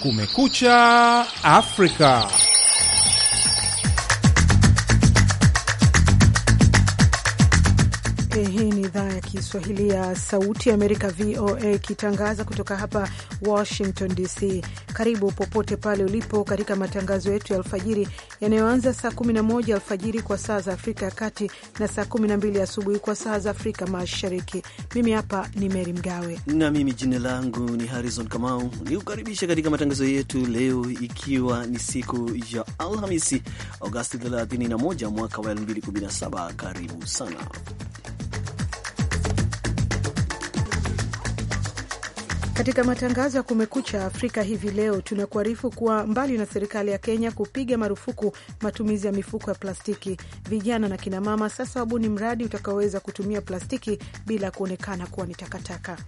Kumekucha Afrika. Eh, hii ni idhaa ya Kiswahili ya Sauti ya Amerika, VOA, ikitangaza kutoka hapa Washington DC. Karibu popote pale ulipo katika matangazo yetu ya alfajiri yanayoanza saa 11 alfajiri kwa saa za Afrika ya Kati na saa 12 asubuhi kwa saa za Afrika Mashariki. Mimi hapa ni Meri Mgawe na mimi jina langu ni Harrison Kamau, ni kukaribisha katika matangazo yetu leo, ikiwa ni siku ya Alhamisi Agosti 31 mwaka wa 2017. Karibu sana Katika matangazo ya Kumekucha Afrika hivi leo tunakuarifu kuwa mbali na serikali ya Kenya kupiga marufuku matumizi ya mifuko ya plastiki, vijana na kinamama sasa wabuni mradi utakaoweza kutumia plastiki bila kuonekana kuwa ni takataka.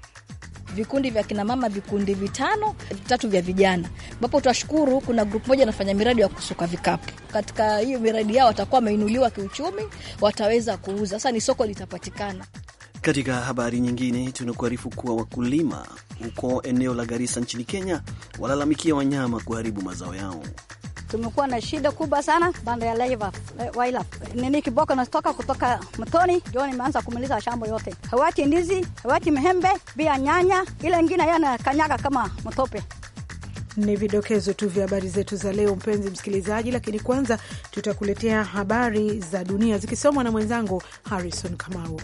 Vikundi vya kinamama, vikundi vitano, vitatu vya vijana, ambapo twashukuru kuna grupu moja anafanya miradi ya kusuka vikapu. Katika hiyo miradi yao watakuwa wameinuliwa kiuchumi, wataweza kuuza. Sasa ni soko litapatikana. Katika habari nyingine, tunakuarifu kuwa wakulima huko eneo la Garissa nchini Kenya walalamikia wanyama kuharibu mazao yao. Tumekuwa na shida kubwa sana banda ya laiva eh, waila nini kiboko natoka kutoka mtoni joni, nimeanza kumiliza shamba yote, hawati ndizi, hawati mehembe, bia nyanya, ile ngine yana kanyaga kama mtope. Ni vidokezo tu vya habari zetu za leo, mpenzi msikilizaji, lakini kwanza tutakuletea habari za dunia zikisomwa na mwenzangu Harrison Kamau.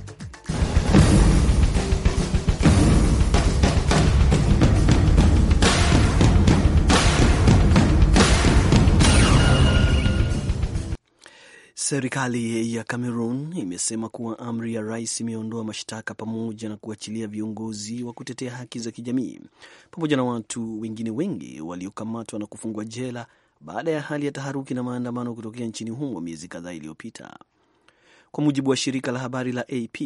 Serikali ya Cameroon imesema kuwa amri ya rais imeondoa mashtaka pamoja na kuachilia viongozi wa kutetea haki za kijamii pamoja na watu wengine wengi waliokamatwa na kufungwa jela baada ya hali ya taharuki na maandamano kutokea nchini humo miezi kadhaa iliyopita kwa mujibu wa shirika la habari la AP.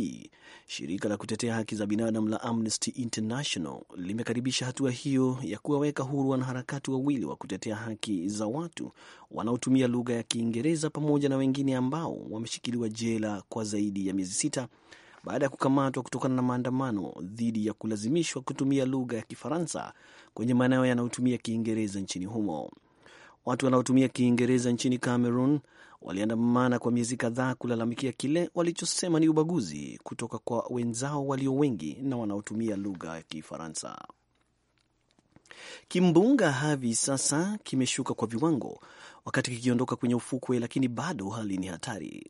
Shirika la kutetea haki za binadamu la Amnesty International limekaribisha hatua hiyo ya kuwaweka huru wanaharakati wawili wa kutetea haki za watu wanaotumia lugha ya Kiingereza pamoja na wengine ambao wameshikiliwa jela kwa zaidi ya miezi sita baada ya kukamatwa kutokana na maandamano dhidi ya kulazimishwa kutumia lugha ya Kifaransa kwenye maeneo yanayotumia Kiingereza nchini humo. Watu wanaotumia Kiingereza nchini Cameroon waliandamana kwa miezi kadhaa kulalamikia kile walichosema ni ubaguzi kutoka kwa wenzao walio wengi na wanaotumia lugha ya Kifaransa. Kimbunga Harvey sasa kimeshuka kwa viwango wakati kikiondoka kwenye ufukwe, lakini bado hali ni hatari.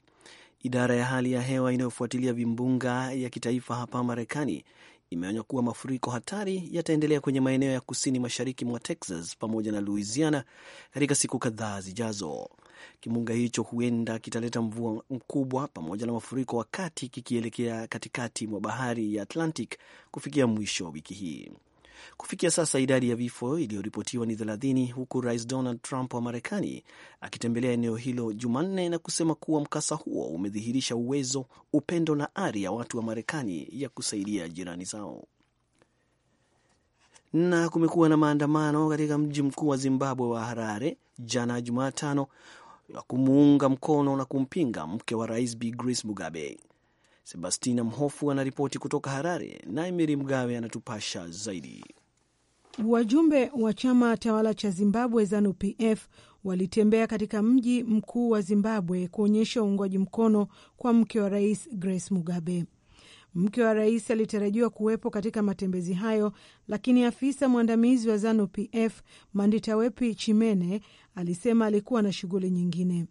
Idara ya hali ya hewa inayofuatilia vimbunga ya kitaifa hapa Marekani imeonya kuwa mafuriko hatari yataendelea kwenye maeneo ya kusini mashariki mwa Texas pamoja na Louisiana katika siku kadhaa zijazo. Kimbunga hicho huenda kitaleta mvua mkubwa pamoja na mafuriko wakati kikielekea katikati mwa bahari ya Atlantic kufikia mwisho wa wiki hii. Kufikia sasa idadi ya vifo iliyoripotiwa ni thelathini, huku Rais Donald Trump wa Marekani akitembelea eneo hilo Jumanne na kusema kuwa mkasa huo umedhihirisha uwezo, upendo na ari ya watu wa Marekani ya kusaidia jirani zao. Na kumekuwa na maandamano katika mji mkuu wa Zimbabwe wa Harare jana Jumatano, ya kumuunga mkono na kumpinga mke wa rais Bi Grace Mugabe. Sebastina Mhofu anaripoti kutoka Harare, naye Miri Mgawe anatupasha zaidi. Wajumbe wa chama tawala cha Zimbabwe ZANUPF walitembea katika mji mkuu wa Zimbabwe kuonyesha uungwaji mkono kwa mke wa rais Grace Mugabe. Mke wa rais alitarajiwa kuwepo katika matembezi hayo, lakini afisa mwandamizi wa ZANU PF Manditawepi Chimene alisema alikuwa na shughuli nyingine.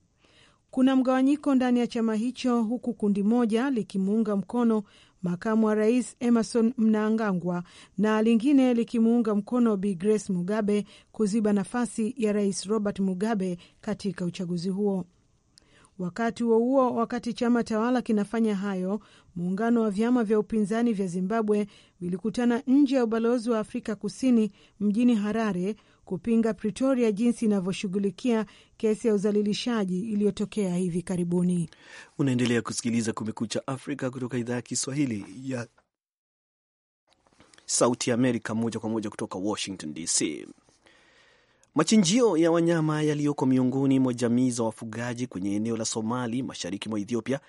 Kuna mgawanyiko ndani ya chama hicho, huku kundi moja likimuunga mkono makamu wa rais Emerson Mnangagwa na lingine likimuunga mkono Bi Grace Mugabe kuziba nafasi ya rais Robert Mugabe katika uchaguzi huo. Wakati huo huo, wakati chama tawala kinafanya hayo, muungano wa vyama vya upinzani vya Zimbabwe vilikutana nje ya ubalozi wa Afrika Kusini mjini Harare kupinga Pretoria jinsi inavyoshughulikia kesi ya uzalilishaji iliyotokea hivi karibuni. Unaendelea kusikiliza Kumekucha Afrika kutoka idhaa ya Kiswahili ya Sauti ya Amerika, moja kwa moja kutoka Washington DC. Machinjio ya wanyama yaliyoko miongoni mwa jamii za wafugaji kwenye eneo la Somali mashariki mwa Ethiopia,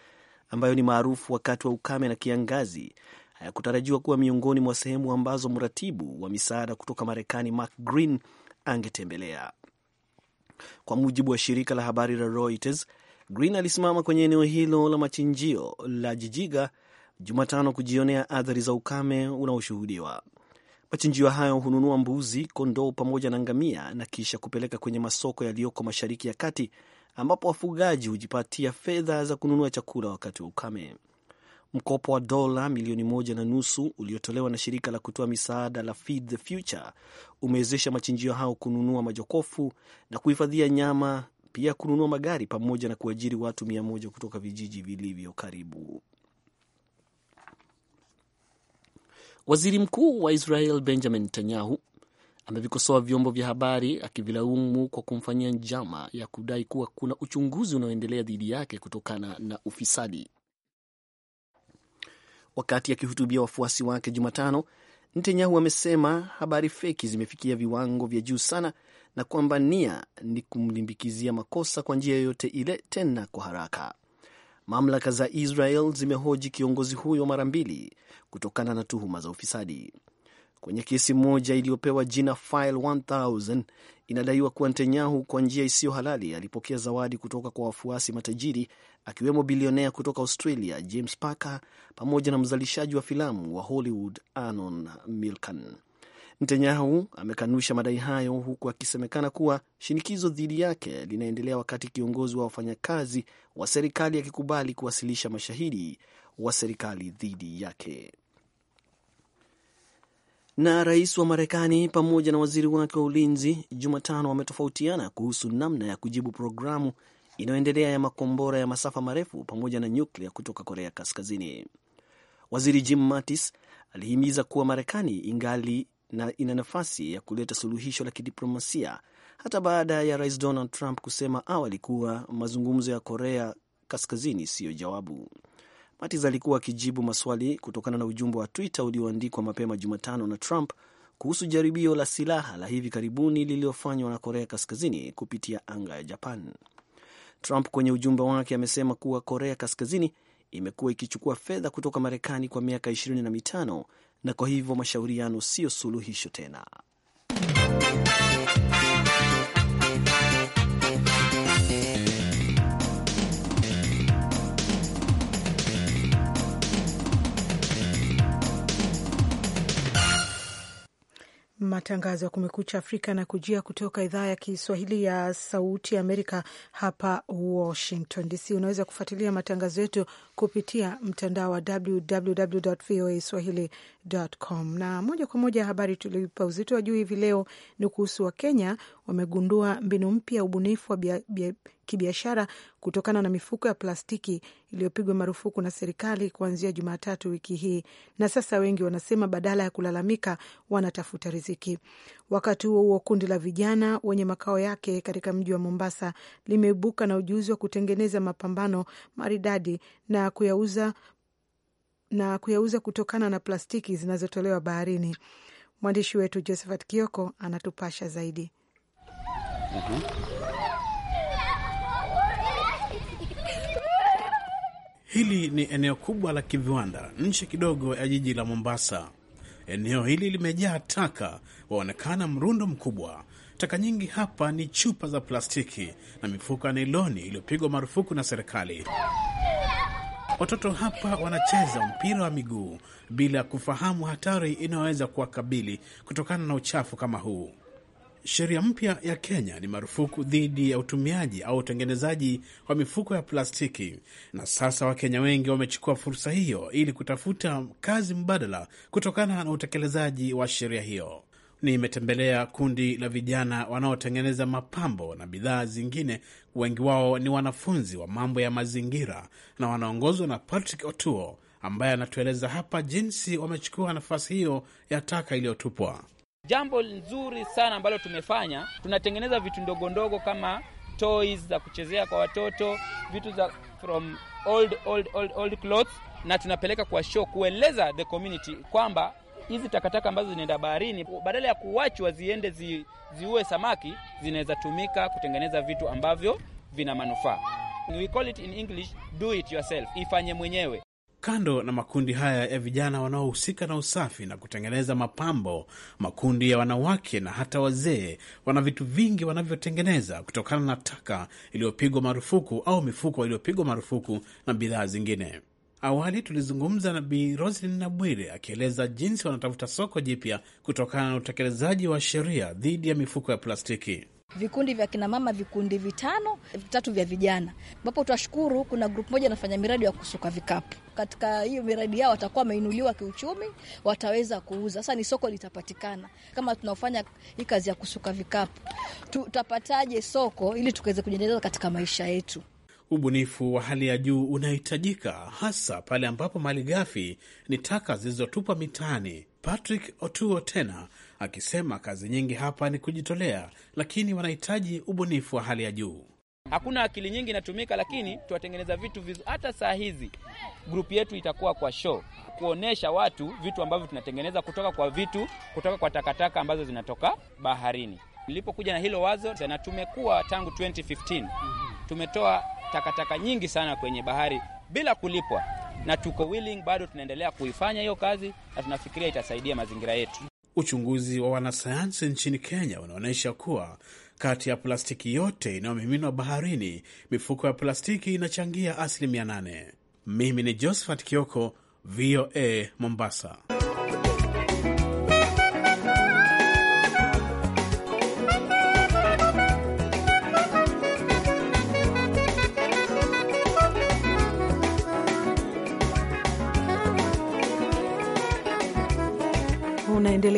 ambayo ni maarufu wakati wa ukame na kiangazi, hayakutarajiwa kuwa miongoni mwa sehemu ambazo mratibu wa misaada kutoka Marekani Mark Green angetembelea. Kwa mujibu wa shirika la habari la Reuters, Green alisimama kwenye eneo hilo la machinjio la Jijiga Jumatano kujionea athari za ukame unaoshuhudiwa. Machinjio hayo hununua mbuzi, kondoo pamoja na ngamia na kisha kupeleka kwenye masoko yaliyoko Mashariki ya Kati ambapo wafugaji hujipatia fedha za kununua chakula wakati wa ukame. Mkopo wa dola milioni moja na nusu uliotolewa na shirika la kutoa misaada la Feed the Future umewezesha machinjio hao kununua majokofu na kuhifadhia nyama, pia kununua magari pamoja na kuajiri watu mia moja kutoka vijiji vilivyo karibu. Waziri Mkuu wa Israel Benjamin Netanyahu amevikosoa vyombo vya habari akivilaumu kwa kumfanyia njama ya kudai kuwa kuna uchunguzi unaoendelea dhidi yake kutokana na ufisadi. Wakati akihutubia wafuasi wake Jumatano, Netanyahu amesema habari feki zimefikia viwango vya juu sana na kwamba nia ni kumlimbikizia makosa kwa njia yoyote ile, tena kwa haraka. Mamlaka za Israel zimehoji kiongozi huyo mara mbili kutokana na tuhuma za ufisadi. Kwenye kesi moja iliyopewa jina File 1000 inadaiwa kuwa Netanyahu kwa njia isiyo halali alipokea zawadi kutoka kwa wafuasi matajiri akiwemo bilionea kutoka Australia James Packer pamoja na mzalishaji wa filamu wa Hollywood Anon Milcan. Netanyahu amekanusha madai hayo huku akisemekana kuwa shinikizo dhidi yake linaendelea wakati kiongozi wa wafanyakazi wa serikali akikubali kuwasilisha mashahidi wa serikali dhidi yake. Na rais wa Marekani pamoja na waziri wake wa ulinzi Jumatano wametofautiana kuhusu namna ya kujibu programu inayoendelea ya makombora ya masafa marefu pamoja na nyuklia kutoka Korea Kaskazini. Waziri Jim Mattis alihimiza kuwa Marekani ingali na ina nafasi ya kuleta suluhisho la kidiplomasia hata baada ya Rais Donald Trump kusema awali kuwa mazungumzo ya Korea Kaskazini siyo jawabu. Mattis alikuwa akijibu maswali kutokana na ujumbe wa Twitter ulioandikwa mapema Jumatano na Trump kuhusu jaribio la silaha la hivi karibuni lililofanywa na Korea Kaskazini kupitia anga ya Japan. Trump kwenye ujumbe wake amesema kuwa Korea Kaskazini imekuwa ikichukua fedha kutoka Marekani kwa miaka ishirini na mitano na kwa hivyo mashauriano siyo suluhisho tena. Matangazo ya Kumekucha Afrika na kujia kutoka idhaa ya Kiswahili ya Sauti Amerika hapa Washington DC. Unaweza kufuatilia matangazo yetu kupitia mtandao wa www voa swahili.com. Na moja kwa moja, habari tulipa uzito wa juu hivi leo ni kuhusu Wakenya wamegundua mbinu mpya ya ubunifu wa bia, bia, kibiashara kutokana na mifuko ya plastiki iliyopigwa marufuku na serikali kuanzia Jumatatu wiki hii, na sasa wengi wanasema badala ya kulalamika wanatafuta riziki. Wakati huo huo, kundi la vijana wenye makao yake katika mji wa Mombasa limeibuka na ujuzi wa kutengeneza mapambano maridadi na kuyauza na kuyauza kutokana na plastiki zinazotolewa baharini. Mwandishi wetu Josephat Kioko anatupasha zaidi. uh mhm. -huh. Hili ni eneo kubwa la kiviwanda nje kidogo ya jiji la Mombasa. Eneo hili limejaa taka, waonekana mrundo mkubwa. Taka nyingi hapa ni chupa za plastiki na mifuko ya nailoni iliyopigwa marufuku na serikali. Watoto hapa wanacheza mpira wa miguu bila kufahamu hatari inayoweza kuwakabili kutokana na uchafu kama huu. Sheria mpya ya Kenya ni marufuku dhidi ya utumiaji au utengenezaji wa mifuko ya plastiki, na sasa Wakenya wengi wamechukua fursa hiyo ili kutafuta kazi mbadala kutokana na utekelezaji wa sheria hiyo. Nimetembelea kundi la vijana wanaotengeneza mapambo na bidhaa zingine. Wengi wao ni wanafunzi wa mambo ya mazingira na wanaongozwa na Patrick Otuo ambaye anatueleza hapa jinsi wamechukua nafasi hiyo ya taka iliyotupwa. Jambo nzuri sana ambalo tumefanya, tunatengeneza vitu ndogo ndogo kama toys za kuchezea kwa watoto, vitu za from old old old old clothes, na tunapeleka kwa show kueleza the community kwamba hizi takataka ambazo zinaenda baharini badala ya kuwachwa ziende zi, ziue samaki zinaweza tumika kutengeneza vitu ambavyo vina manufaa. We call it in English do it yourself, ifanye mwenyewe. Kando na makundi haya ya vijana wanaohusika na usafi na kutengeneza mapambo, makundi ya wanawake na hata wazee wana vitu vingi wanavyotengeneza kutokana na taka iliyopigwa marufuku au mifuko iliyopigwa marufuku na bidhaa zingine. Awali tulizungumza na Bi Roslin Nabwire akieleza jinsi wanatafuta soko jipya kutokana na utekelezaji wa sheria dhidi ya mifuko ya plastiki vikundi vya kina mama vikundi vitano, vitatu vya vijana, ambapo twashukuru kuna grupu moja anafanya miradi ya kusuka vikapu. Katika hiyo miradi yao watakuwa wameinuliwa kiuchumi, wataweza kuuza. Sasa ni soko litapatikana. Kama tunaofanya hii kazi ya kusuka vikapu, tutapataje soko ili tukaweze kujiendeleza katika maisha yetu? Ubunifu wa hali ya juu unahitajika hasa pale ambapo mali ghafi ni taka zilizotupwa mitaani. Patrick Otuo tena akisema kazi nyingi hapa ni kujitolea, lakini wanahitaji ubunifu wa hali ya juu. Hakuna akili nyingi inatumika, lakini tuwatengeneza vitu vizuri. Hata saa hizi grupu yetu itakuwa kwa show kuonyesha watu vitu ambavyo tunatengeneza kutoka kwa vitu kutoka kwa takataka ambazo zinatoka baharini. Nilipokuja na hilo wazo na tumekuwa tangu 2015 tumetoa takataka nyingi sana kwenye bahari bila kulipwa, na tuko willing, bado tunaendelea kuifanya hiyo kazi na tunafikiria itasaidia mazingira yetu. Uchunguzi wa wanasayansi nchini Kenya unaonyesha kuwa kati ya plastiki yote inayomiminwa baharini, mifuko ya plastiki inachangia asilimia 8. Mimi ni Josephat Kioko, VOA Mombasa.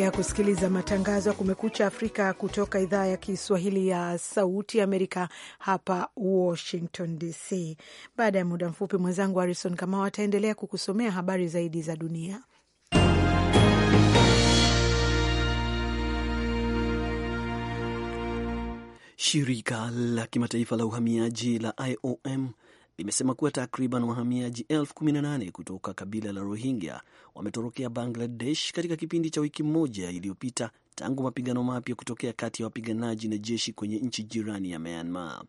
Unaendelea kusikiliza matangazo ya Kumekucha Afrika kutoka idhaa ya Kiswahili ya Sauti Amerika hapa Washington DC. Baada ya muda mfupi, mwenzangu Harrison Kamau ataendelea kukusomea habari zaidi za dunia. Shirika la kimataifa la uhamiaji la IOM limesema kuwa takriban wahamiaji 18 kutoka kabila la Rohingya wametorokea Bangladesh katika kipindi cha wiki moja iliyopita tangu mapigano mapya kutokea kati ya wapiganaji na jeshi kwenye nchi jirani ya Myanmar.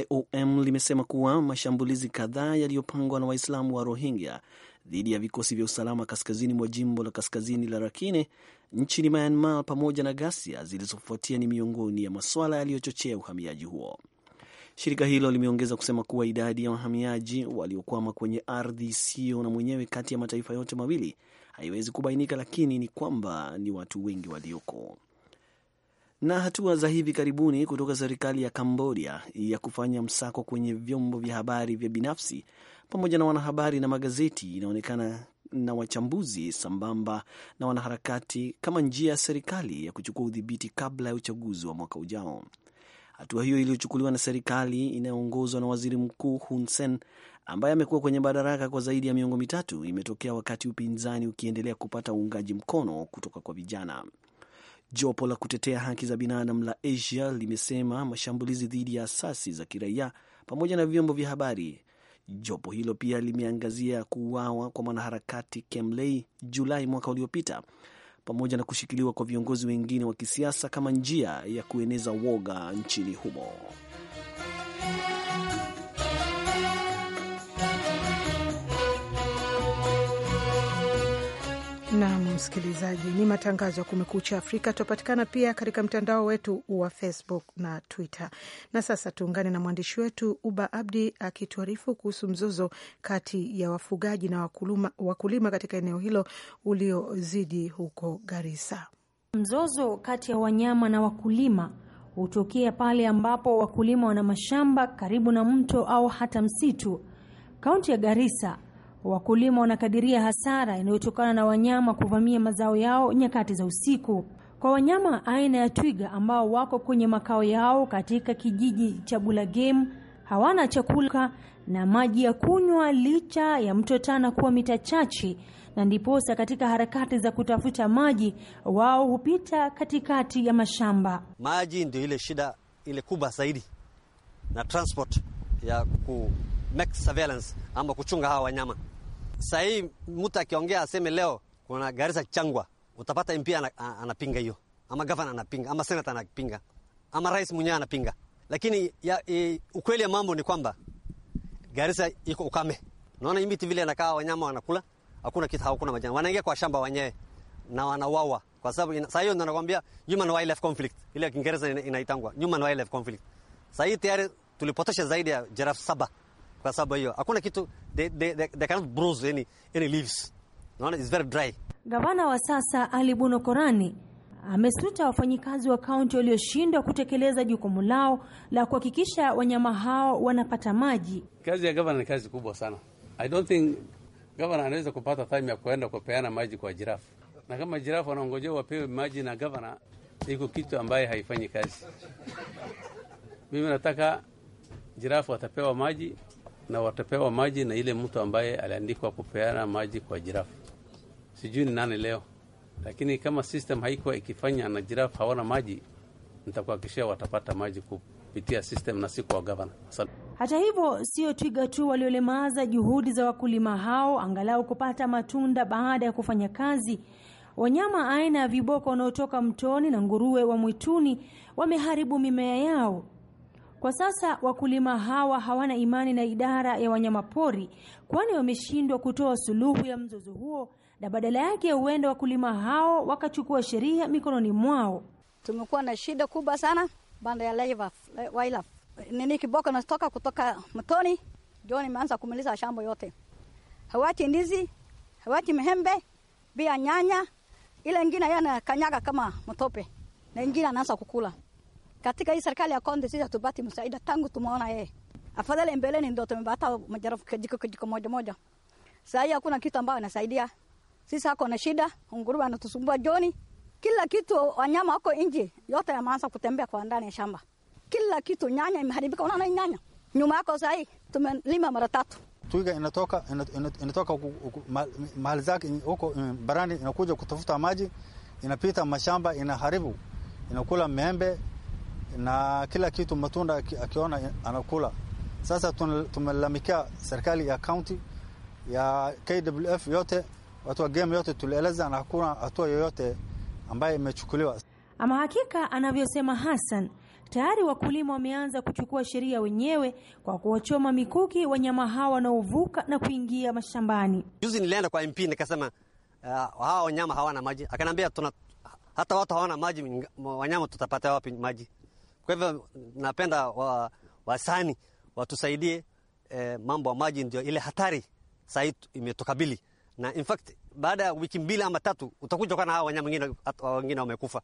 IOM limesema kuwa mashambulizi kadhaa yaliyopangwa na Waislamu wa Rohingya dhidi ya vikosi vya usalama kaskazini mwa jimbo la kaskazini la Rakhine nchini Myanmar pamoja na ghasia zilizofuatia ni miongoni ya masuala yaliyochochea uhamiaji huo. Shirika hilo limeongeza kusema kuwa idadi ya wahamiaji waliokwama kwenye ardhi isiyo na mwenyewe kati ya mataifa yote mawili haiwezi kubainika, lakini ni kwamba ni watu wengi walioko. Na hatua za hivi karibuni kutoka serikali ya Kambodia ya kufanya msako kwenye vyombo vya habari vya binafsi pamoja na wanahabari na magazeti inaonekana na wachambuzi sambamba na wanaharakati kama njia ya serikali ya kuchukua udhibiti kabla ya uchaguzi wa mwaka ujao. Hatua hiyo iliyochukuliwa na serikali inayoongozwa na waziri mkuu Hun Sen ambaye amekuwa kwenye madaraka kwa zaidi ya miongo mitatu imetokea wakati upinzani ukiendelea kupata uungaji mkono kutoka kwa vijana. Jopo la kutetea haki za binadamu la Asia limesema mashambulizi dhidi ya asasi za kiraia pamoja na vyombo vya habari. Jopo hilo pia limeangazia kuuawa kwa mwanaharakati Kemley Julai mwaka uliopita pamoja na kushikiliwa kwa viongozi wengine wa kisiasa kama njia ya kueneza woga nchini humo. Nam msikilizaji, ni matangazo ya Kumekucha Afrika. Tunapatikana pia katika mtandao wetu wa Facebook na Twitter. Na sasa tuungane na mwandishi wetu Uba Abdi akituarifu kuhusu mzozo kati ya wafugaji na wakulima, wakulima katika eneo hilo uliozidi huko Garissa. Mzozo kati ya wanyama na wakulima hutokea pale ambapo wakulima wana mashamba karibu na mto au hata msitu. Kaunti ya Garissa Wakulima wanakadiria hasara inayotokana na wanyama kuvamia mazao yao nyakati za usiku. Kwa wanyama aina ya twiga ambao wako kwenye makao yao katika kijiji cha Bulagem, hawana chakula na maji ya kunywa licha ya mto Tana kuwa mita chache, na ndiposa katika harakati za kutafuta maji wao hupita katikati ya mashamba. Maji ndio ile shida ile kubwa zaidi, na transport ya ku make surveillance ama kuchunga hawa wanyama. Saa hii mtu akiongea aseme leo kuna Garisa Changwa, utapata MP anapinga hiyo, ama gavana anapinga, ama senata anapinga, ama rais mwenyewe anapinga. Lakini ya, e, ukweli ya mambo ni kwamba Garisa iko ukame. Naona miti vile anakaa, wanyama wanakula, hakuna kitu, hakuna majani, wanaingia kwa shamba wenyewe na wanawawa kwa sababu saa hiyo ndo nakwambia human wildlife conflict ile ya Kiingereza inaitangwa human wildlife conflict. Saa hii tayari tulipotosha zaidi ya jirafu saba kwa sababu hiyo hakuna kitu they, they, they cannot bruise any, any leaves. Naona it's very dry. Gavana wa sasa Ali Buno Korani amesuta wafanyikazi wa kaunti walioshindwa kutekeleza jukumu lao la kuhakikisha wanyama hao wanapata maji. Kazi ya gavana ni kazi kubwa sana. I don't think gavana anaweza kupata time ya kuenda kupeana maji kwa jirafu, na kama jirafu wanaongojea wapewe maji na gavana, iko kitu ambaye haifanyi kazi. Mimi nataka jirafu watapewa maji na watapewa maji na ile mtu ambaye aliandikwa kupeana maji kwa jirafu. Sijui ni nani leo, lakini kama system haikuwa ikifanya na jirafu hawana maji, nitakuhakikishia watapata maji kupitia system na si kwa gavana. Hata hivyo, sio twiga tu waliolemaza juhudi za wakulima hao angalau kupata matunda baada ya kufanya kazi. Wanyama aina ya viboko wanaotoka mtoni na nguruwe wa mwituni wameharibu mimea yao kwa sasa wakulima hawa hawana imani na idara ya wanyamapori, kwani wameshindwa kutoa suluhu ya mzozo huo, na badala yake huenda wakulima hao wakachukua sheria mikononi mwao. Tumekuwa na shida kubwa sana banda ya wildlife. Nini kiboko natoka kutoka mtoni, ndio nimeanza kumaliza shamba yote. hawati ndizi, hawati mihembe, bia nyanya, ile ingine yana kanyaga kama mtope na ingine anaanza kukula katika hii serikali ya konde sisi hatupati msaada tangu tumeona yeye. Afadhali mbeleni ndio tumepata majarafu kijiko kijiko moja moja. Sasa hii hakuna kitu ambayo inasaidia. Sisi hako na shida, nguruwe anatusumbua joni. Kila kitu wanyama wako nje, yote yameanza kutembea kwa ndani ya shamba. Kila kitu nyanya imeharibika, unaona hii nyanya. Nyuma yako sasa hii tumelima mara tatu. Twiga inatoka inatoka mahali zake huko mm, barani inakuja kutafuta maji, inapita mashamba, inaharibu, inakula maembe, na kila kitu, matunda akiona anakula. Sasa tumelalamikia serikali ya kaunti ya KWF yote, watu wa game yote tulieleza, na hakuna hatua yoyote ambayo imechukuliwa. Ama hakika anavyosema Hassan, tayari wakulima wameanza kuchukua sheria wenyewe kwa kuwachoma mikuki wanyama hawa wanaovuka na kuingia mashambani. Juzi nilienda kwa MP nikasema, uh, hawa wanyama hawana maji. Akaniambia hata watu hawana maji, wanyama tutapata wapi maji? Kwa hivyo napenda wa, wasani watusaidie eh, mambo ya maji, ndio ile hatari sahii imetukabili, na in fact baada ya wiki mbili ama tatu utakuja kana hawa wanyama wengine wengine wamekufa.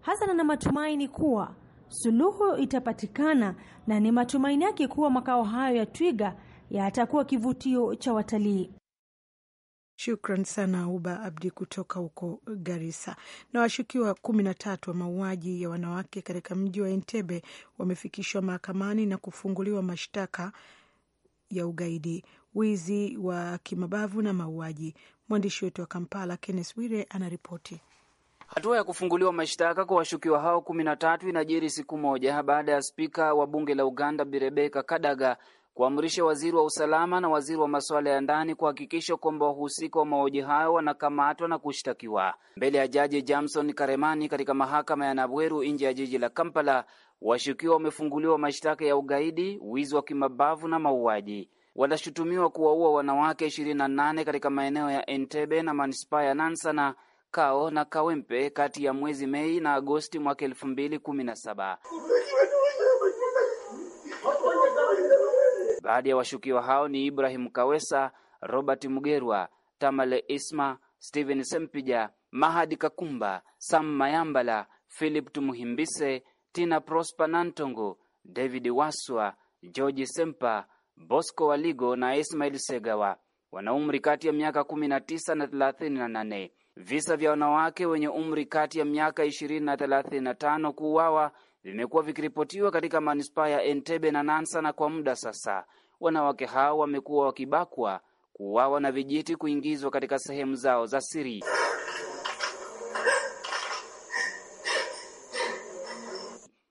Hasana ana matumaini kuwa suluhu itapatikana na ni matumaini yake kuwa makao hayo ya twiga yatakuwa ya kivutio cha watalii. Shukran sana Uba Abdi kutoka huko Garissa. Na washukiwa kumi na tatu wa mauaji ya wanawake katika mji wa Entebe wamefikishwa mahakamani na kufunguliwa mashtaka ya ugaidi, wizi wa kimabavu na mauaji. Mwandishi wetu wa Kampala, Kenneth Wire, anaripoti. Hatua ya kufunguliwa mashtaka kwa washukiwa hao kumi na tatu inajiri siku moja baada ya spika wa bunge la Uganda birebeka Kadaga kuamrisha waziri wa usalama na waziri wa masuala ya ndani kuhakikisha kwamba wahusika wa mauaji hayo wanakamatwa na kushtakiwa mbele ya jaji Jamson Karemani katika mahakama ya Nabweru nje ya jiji la Kampala. Washukiwa wamefunguliwa mashtaka ya ugaidi, wizi wa kimabavu na mauaji. Wanashutumiwa kuwaua wanawake 28 katika maeneo ya entebe na manispaa ya Nansana, Kao na Kawempe kati ya mwezi Mei na Agosti mwaka 2017. Baadhi ya washukiwa hao ni Ibrahim Kawesa, Robert Mugerwa, Tamale Isma, Steven Sempija, Mahadi Kakumba, Sam Mayambala, Philip Tumuhimbise, Tina Prosper Nantongo, David Waswa, George Sempa, Bosco Waligo na Ismail Segawa wana umri kati ya miaka 19 na 38. Visa vya wanawake wenye umri kati ya miaka 20 na 35 kuuawa vimekuwa vikiripotiwa katika manispaa ya Entebe na Nansa, na kwa muda sasa wanawake hao wamekuwa wakibakwa, kuuawa na vijiti kuingizwa katika sehemu zao za siri.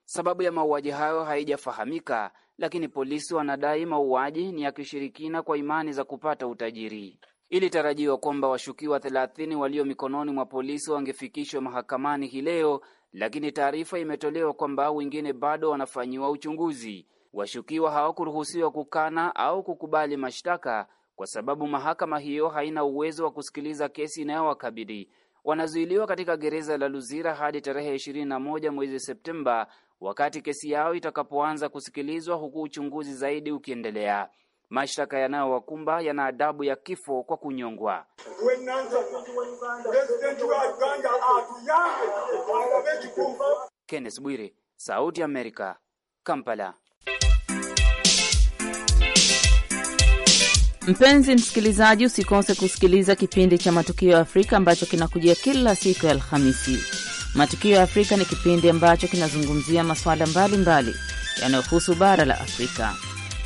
Sababu ya mauaji hayo haijafahamika, lakini polisi wanadai mauaji ni ya kishirikina kwa imani za kupata utajiri. Ilitarajiwa kwamba washukiwa 30 walio mikononi mwa polisi wangefikishwa mahakamani hii leo, lakini taarifa imetolewa kwamba wengine bado wanafanyiwa uchunguzi. Washukiwa hawakuruhusiwa kukana au kukubali mashtaka kwa sababu mahakama hiyo haina uwezo wa kusikiliza kesi inayowakabili. Wanazuiliwa katika gereza la Luzira hadi tarehe 21 mwezi Septemba, wakati kesi yao itakapoanza kusikilizwa, huku uchunguzi zaidi ukiendelea. Mashtaka yanayowakumba yana adabu ya kifo kwa kunyongwa. Kenneth Bwire, Sauti ya Amerika, Kampala. Mpenzi msikilizaji, usikose kusikiliza kipindi cha Matukio ya Afrika ambacho kinakujia kila siku ya Alhamisi. Matukio ya Afrika ni kipindi ambacho kinazungumzia masuala mbalimbali yanayohusu bara la Afrika.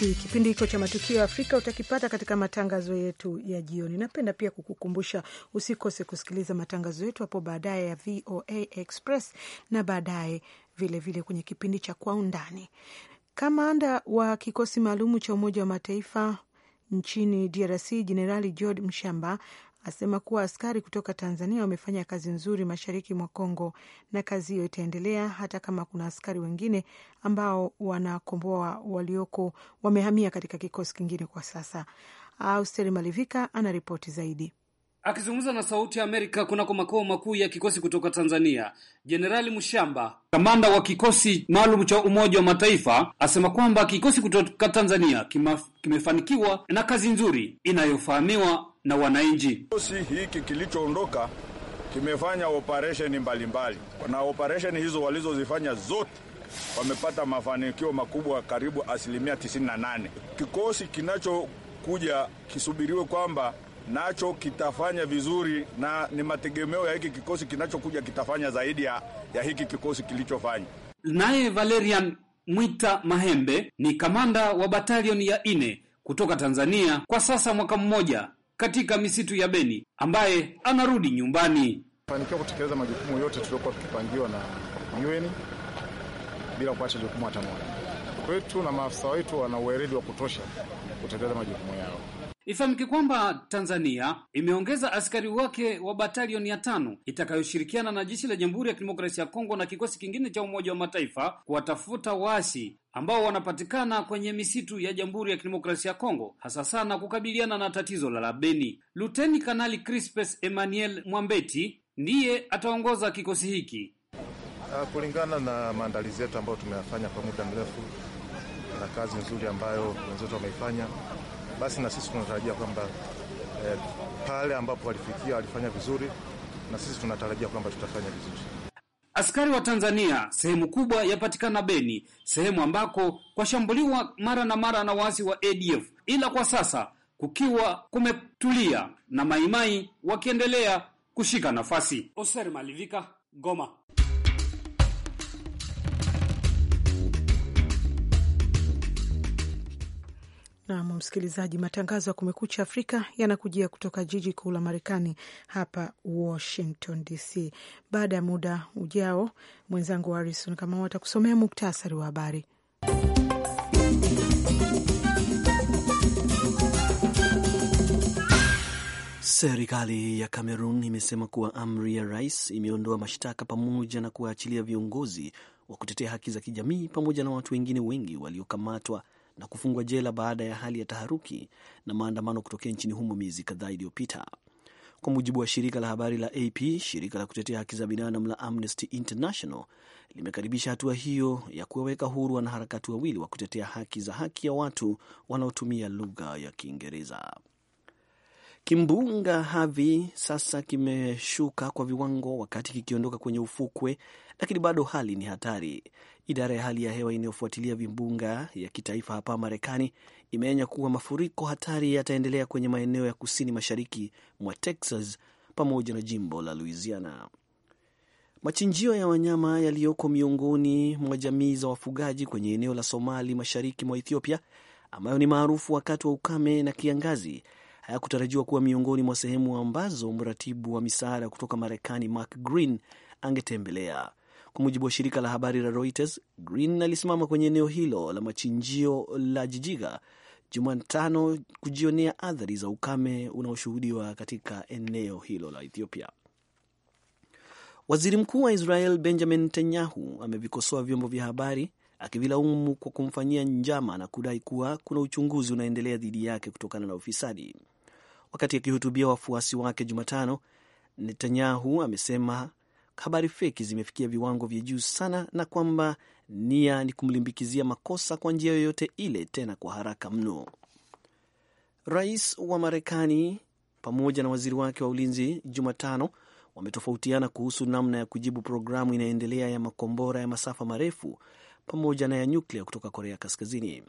basi kipindi hicho cha matukio ya Afrika utakipata katika matangazo yetu ya jioni. Napenda pia kukukumbusha usikose kusikiliza matangazo yetu hapo baadaye ya VOA Express na baadaye vilevile kwenye kipindi cha Kwa Undani. Kamanda wa kikosi maalumu cha Umoja wa Mataifa nchini DRC Jenerali George Mshamba asema kuwa askari kutoka Tanzania wamefanya kazi nzuri mashariki mwa Kongo na kazi hiyo itaendelea hata kama kuna askari wengine ambao wanakomboa walioko wamehamia katika kikosi kingine kwa sasa. Austeri Malivika ana ripoti zaidi. Akizungumza na Sauti ya Amerika kunako makao makuu ya kikosi kutoka Tanzania, Jenerali mshamba kamanda wa kikosi maalum cha Umoja wa Mataifa, asema kwamba kikosi kutoka Tanzania kimefanikiwa na kazi nzuri inayofahamiwa na wananchi. Kikosi hiki kilichoondoka kimefanya operesheni mbalimbali, na operesheni hizo walizozifanya zote wamepata mafanikio makubwa, karibu asilimia 98. Kikosi kinachokuja kisubiriwe kwamba nacho kitafanya vizuri na ni mategemeo ya hiki kikosi kinachokuja kitafanya zaidi ya, ya hiki kikosi kilichofanya. Naye Valerian Mwita Mahembe ni kamanda wa batalioni ya ine kutoka Tanzania, kwa sasa mwaka mmoja katika misitu ya Beni ambaye anarudi nyumbani. Fanikiwa kutekeleza majukumu yote tuliokuwa tukipangiwa na UN bila kuacha jukumu hata moja wetu na maafisa wetu wana uweredi wa kutosha kutekeleza majukumu yao. Ifahamike kwamba Tanzania imeongeza askari wake wa batalioni ya tano itakayoshirikiana na jeshi la Jamhuri ya Kidemokrasia ya Kongo na kikosi kingine cha Umoja wa Mataifa kuwatafuta waasi ambao wanapatikana kwenye misitu ya Jamhuri ya Kidemokrasia ya Kongo, hasa sana kukabiliana na tatizo la Labeni. Luteni Kanali Crispes Emmanuel Mwambeti ndiye ataongoza kikosi hiki ah, kulingana na maandalizi yetu ambayo tumeyafanya kwa muda mrefu na kazi nzuri ambayo wenzetu wameifanya, basi na sisi tunatarajia kwamba eh, pale ambapo walifikia walifanya vizuri, na sisi tunatarajia kwamba tutafanya vizuri. Askari wa Tanzania sehemu kubwa yapatikana Beni, sehemu ambako kwashambuliwa mara na mara na waasi wa ADF, ila kwa sasa kukiwa kumetulia na maimai wakiendelea kushika nafasi. Oser Malivika, Goma. Nam msikilizaji, matangazo ya Kumekucha Afrika yanakujia kutoka jiji kuu la Marekani, hapa Washington DC. Baada ya muda ujao, mwenzangu Harrison Kamau atakusomea muktasari wa habari. Serikali ya Cameroon imesema kuwa amri ya rais imeondoa mashtaka pamoja na kuwaachilia viongozi wa kutetea haki za kijamii pamoja na watu wengine wengi waliokamatwa na kufungwa jela baada ya hali ya taharuki na maandamano kutokea nchini humo miezi kadhaa iliyopita. Kwa mujibu wa shirika la habari la AP, shirika la kutetea haki za binadamu la Amnesty International limekaribisha hatua hiyo ya kuwaweka huru wanaharakati wawili wa kutetea haki za haki ya watu wanaotumia lugha ya Kiingereza. Kimbunga Havi sasa kimeshuka kwa viwango wakati kikiondoka kwenye ufukwe, lakini bado hali ni hatari. Idara ya hali ya hewa inayofuatilia vimbunga ya kitaifa hapa Marekani imeonya kuwa mafuriko hatari yataendelea kwenye maeneo ya kusini mashariki mwa Texas pamoja na jimbo la Louisiana. Machinjio ya wanyama yaliyoko miongoni mwa jamii za wafugaji kwenye eneo la Somali mashariki mwa Ethiopia ambayo ni maarufu wakati wa ukame na kiangazi hayakutarajiwa kuwa miongoni mwa sehemu ambazo mratibu wa misaada kutoka Marekani Mark Green angetembelea. Kwa mujibu wa shirika la habari la Reuters, Green alisimama kwenye eneo hilo la machinjio la Jijiga Jumatano kujionea athari za ukame unaoshuhudiwa katika eneo hilo la Ethiopia. Waziri mkuu wa Israel Benjamin Netanyahu amevikosoa vyombo vya habari akivilaumu kwa kumfanyia njama na kudai kuwa kuna uchunguzi unaendelea dhidi yake kutokana na ufisadi. Wakati akihutubia wafuasi wake Jumatano, Netanyahu amesema habari feki zimefikia viwango vya juu sana na kwamba nia ni kumlimbikizia makosa kwa njia yoyote ile, tena kwa haraka mno. Rais wa Marekani pamoja na waziri wake wa ulinzi Jumatano wametofautiana kuhusu namna ya kujibu programu inayoendelea ya makombora ya masafa marefu pamoja na ya nyuklia kutoka Korea Kaskazini.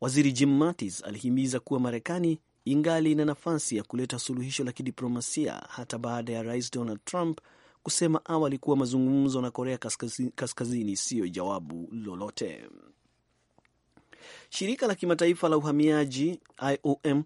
Waziri Jim Mattis alihimiza kuwa Marekani ingali ina nafasi ya kuleta suluhisho la kidiplomasia hata baada ya Rais Donald Trump kusema awali kuwa mazungumzo na Korea Kaskazini, kaskazini siyo jawabu lolote. Shirika la kimataifa la uhamiaji IOM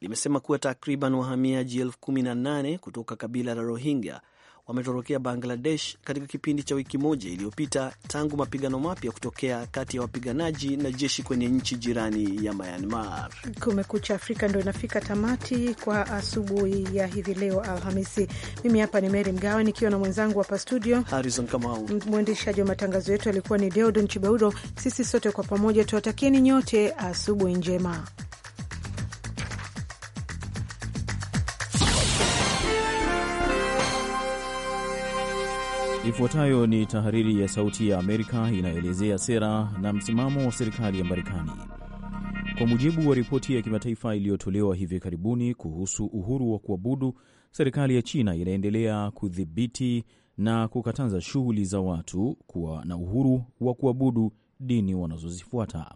limesema kuwa takriban wahamiaji elfu kumi na nane kutoka kabila la Rohingya wametorokea Bangladesh katika kipindi cha wiki moja iliyopita tangu mapigano mapya kutokea kati ya wapiganaji na jeshi kwenye nchi jirani ya Myanmar. Kumekucha Afrika ndo inafika tamati kwa asubuhi ya hivi leo Alhamisi. Mimi hapa ni Meri Mgawe nikiwa na mwenzangu hapa studio Harrison Kamau. Mwendeshaji wa matangazo yetu alikuwa ni Deodon Chibaudo. Sisi sote kwa pamoja tuwatakieni nyote asubuhi njema. Ifuatayo ni tahariri ya Sauti ya Amerika inayoelezea sera na msimamo wa serikali ya Marekani. Kwa mujibu wa ripoti ya kimataifa iliyotolewa hivi karibuni kuhusu uhuru wa kuabudu, serikali ya China inaendelea kudhibiti na kukataza shughuli za watu kuwa na uhuru wa kuabudu dini wanazozifuata.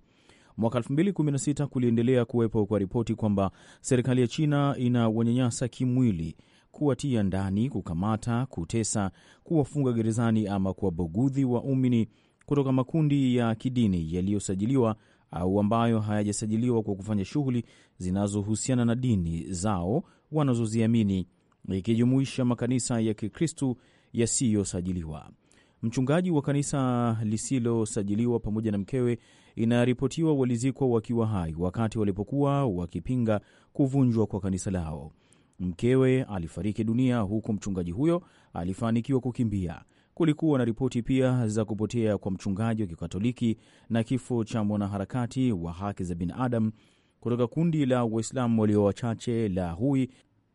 Mwaka 2016 kuliendelea kuwepo kwa ripoti kwamba serikali ya China ina wanyanyasa kimwili kuwatia ndani, kukamata, kutesa, kuwafunga gerezani ama kuwabugudhi waumini kutoka makundi ya kidini yaliyosajiliwa au ambayo hayajasajiliwa kwa kufanya shughuli zinazohusiana na dini zao wanazoziamini ikijumuisha makanisa ya Kikristu yasiyosajiliwa. Mchungaji wa kanisa lisilosajiliwa pamoja na mkewe inaripotiwa walizikwa wakiwa hai wakati walipokuwa wakipinga kuvunjwa kwa kanisa lao. Mkewe alifariki dunia huku mchungaji huyo alifanikiwa kukimbia. Kulikuwa na ripoti pia za kupotea kwa mchungaji wa Kikatoliki na kifo cha mwanaharakati wa haki za binadamu kutoka kundi la Waislamu walio wachache la Hui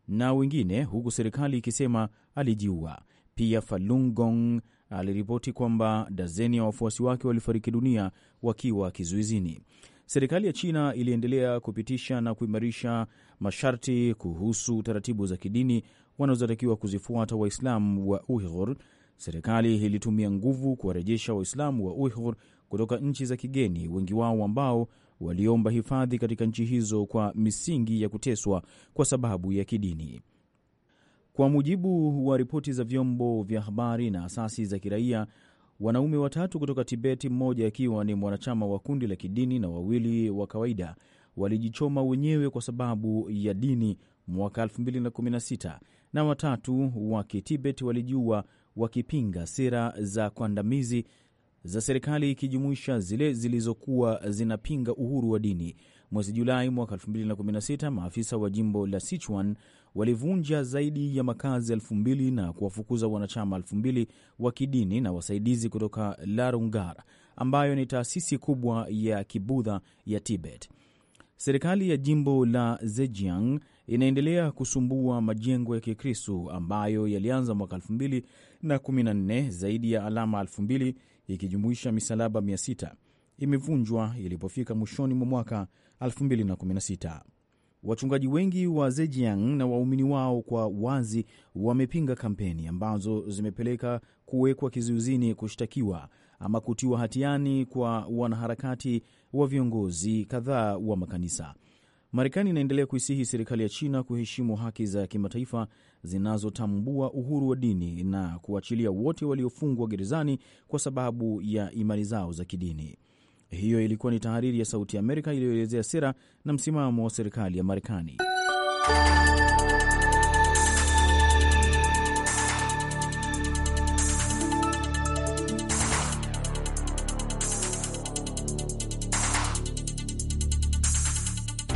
na wengine, huku serikali ikisema alijiua. Pia Falun Gong aliripoti kwamba dazeni ya wafuasi wake walifariki dunia wakiwa kizuizini. Serikali ya China iliendelea kupitisha na kuimarisha masharti kuhusu taratibu za kidini wanazotakiwa kuzifuata Waislamu wa Uighur. Serikali ilitumia nguvu kuwarejesha Waislamu wa Uighur kutoka nchi za kigeni, wengi wao ambao waliomba hifadhi katika nchi hizo kwa misingi ya kuteswa kwa sababu ya kidini. Kwa mujibu wa ripoti za vyombo vya habari na asasi za kiraia, wanaume watatu kutoka Tibeti, mmoja akiwa ni mwanachama wa kundi la kidini na wawili wa kawaida, walijichoma wenyewe kwa sababu ya dini mwaka 2016 na watatu wa Kitibet walijua wakipinga sera za kwandamizi za serikali ikijumuisha zile zilizokuwa zinapinga uhuru wa dini. Mwezi Julai mwaka 2016 maafisa wa jimbo la Sichuan walivunja zaidi ya makazi elfu na kuwafukuza wanachama elfu wa kidini na wasaidizi kutoka Larungar ambayo ni taasisi kubwa ya kibudha ya Tibet. Serikali ya jimbo la Zhejiang inaendelea kusumbua majengo ya Kikristo ambayo yalianza mwaka 2014. Zaidi ya alama 2000 ikijumuisha misalaba 600 imevunjwa ilipofika mwishoni mwa mwaka 2016. Wachungaji wengi wa Zhejiang na waumini wao kwa wazi wamepinga kampeni ambazo zimepeleka kuwekwa kizuizini, kushtakiwa ama kutiwa hatiani kwa wanaharakati wa viongozi kadhaa wa makanisa. Marekani inaendelea kuisihi serikali ya China kuheshimu haki za kimataifa zinazotambua uhuru wa dini na kuachilia wote waliofungwa gerezani kwa sababu ya imani zao za kidini. Hiyo ilikuwa ni tahariri ya Sauti ya Amerika iliyoelezea sera na msimamo wa serikali ya Marekani.